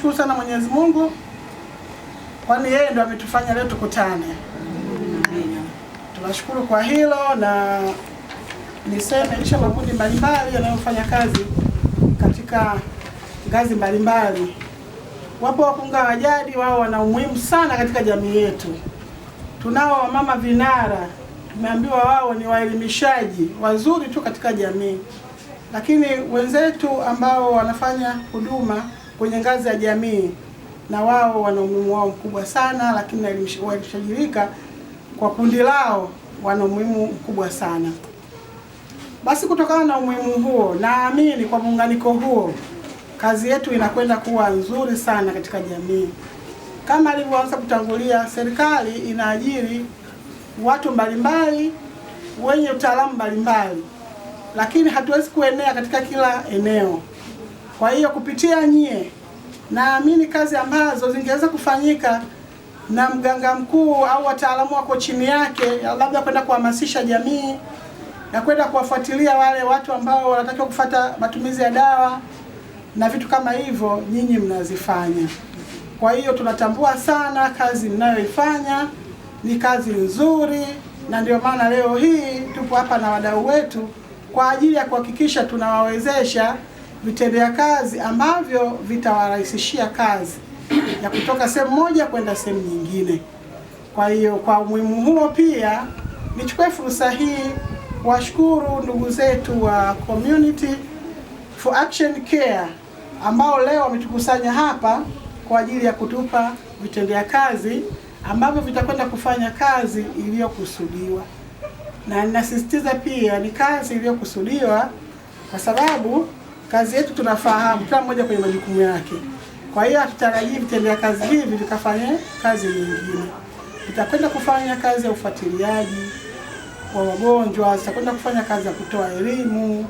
Tunamshukuru sana Mwenyezi Mungu, kwani yeye ndo ametufanya leo tukutane. Tunashukuru kwa hilo, na niseme kisha makundi mbalimbali yanayofanya kazi katika ngazi mbalimbali, wapo wakunga wa jadi, wao wana umuhimu sana katika jamii yetu. Tunao wamama vinara, tumeambiwa wao ni waelimishaji wazuri tu katika jamii, lakini wenzetu ambao wanafanya huduma kwenye ngazi ya jamii, na wao wana umuhimu wao mkubwa sana, lakini walishajirika kwa kundi lao wana umuhimu mkubwa sana. Basi kutokana na umuhimu huo, naamini kwa muunganiko huo kazi yetu inakwenda kuwa nzuri sana katika jamii. Kama alivyoanza kutangulia, serikali inaajiri watu mbalimbali wenye utaalamu mbalimbali, lakini hatuwezi kuenea katika kila eneo. Kwa hiyo kupitia nyie naamini kazi ambazo zingeweza kufanyika na mganga mkuu au wataalamu wako chini yake, labda kwenda kuhamasisha jamii na kwenda kuwafuatilia wale watu ambao wanatakiwa kufata matumizi ya dawa na vitu kama hivyo, nyinyi mnazifanya. Kwa hiyo tunatambua sana kazi mnayoifanya, ni kazi nzuri, na ndio maana leo hii tupo hapa na wadau wetu kwa ajili ya kuhakikisha tunawawezesha vitendea kazi ambavyo vitawarahisishia kazi ya kutoka sehemu moja kwenda sehemu nyingine. Kwa hiyo kwa umuhimu huo, pia nichukue fursa hii washukuru ndugu zetu wa Community for Action Care ambao leo wametukusanya hapa kwa ajili ya kutupa vitendea kazi ambavyo vitakwenda kufanya kazi iliyokusudiwa, na ninasisitiza pia ni kazi iliyokusudiwa kwa sababu Kazi yetu tunafahamu kila mmoja kwenye majukumu yake, kwa hiyo hatutarajii vitendea kazi hivi vikafanya kazi nyingine. Tutakwenda kufanya kazi ya ufuatiliaji wa wagonjwa, zitakwenda kufanya kazi ya kutoa elimu,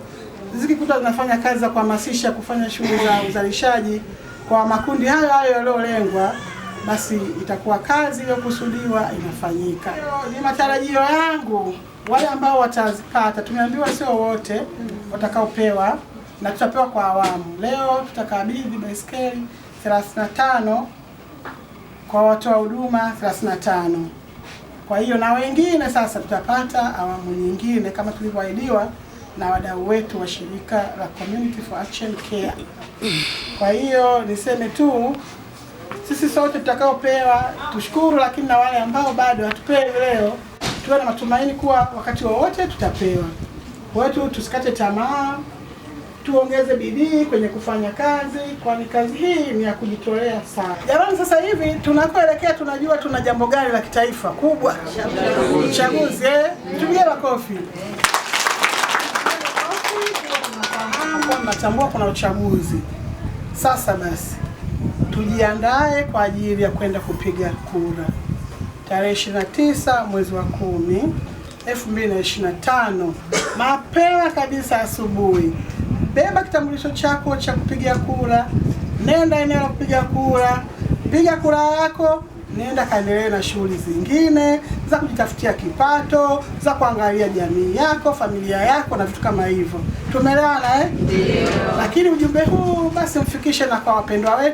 zikikuta zinafanya kazi za kuhamasisha kufanya shughuli za uzalishaji kwa makundi hayo hayo yaliyolengwa, basi itakuwa kazi iliyokusudiwa inafanyika. Ni matarajio yangu wale ambao watazipata tumeambiwa sio wote watakaopewa na tutapewa kwa awamu. Leo tutakabidhi baiskeli 35 kwa watoa huduma 35. Kwa hiyo na wengine sasa tutapata awamu nyingine kama tulivyoahidiwa na wadau wetu wa shirika la Community for Action Care. Kwa hiyo niseme tu sisi sote tutakaopewa tushukuru, lakini na wale ambao bado hatupewi leo, tuwe na matumaini kuwa wakati wowote wa tutapewa. hiyo tusikate tamaa tuongeze bidii kwenye kufanya kazi, kwani kazi hii ni ya kujitolea sana. Jamani, sasa hivi tunakoelekea tunajua tuna jambo gani la kitaifa kubwa, uchaguzi. Eh, makofi. Tunatambua kuna uchaguzi sasa, basi tujiandae kwa ajili ya kwenda kupiga kura tarehe 29 mwezi wa kumi 2025 mapema kabisa asubuhi beba kitambulisho chako cha kupiga kura, nenda eneo la kupiga kura, piga kura yako, nenda kaendelee na shughuli zingine za kujitafutia kipato, za kuangalia jamii yako, familia yako na vitu kama hivyo. Tumeelewana eh? Ndio. Lakini ujumbe huu basi mfikishe na kwa wapendwa wetu.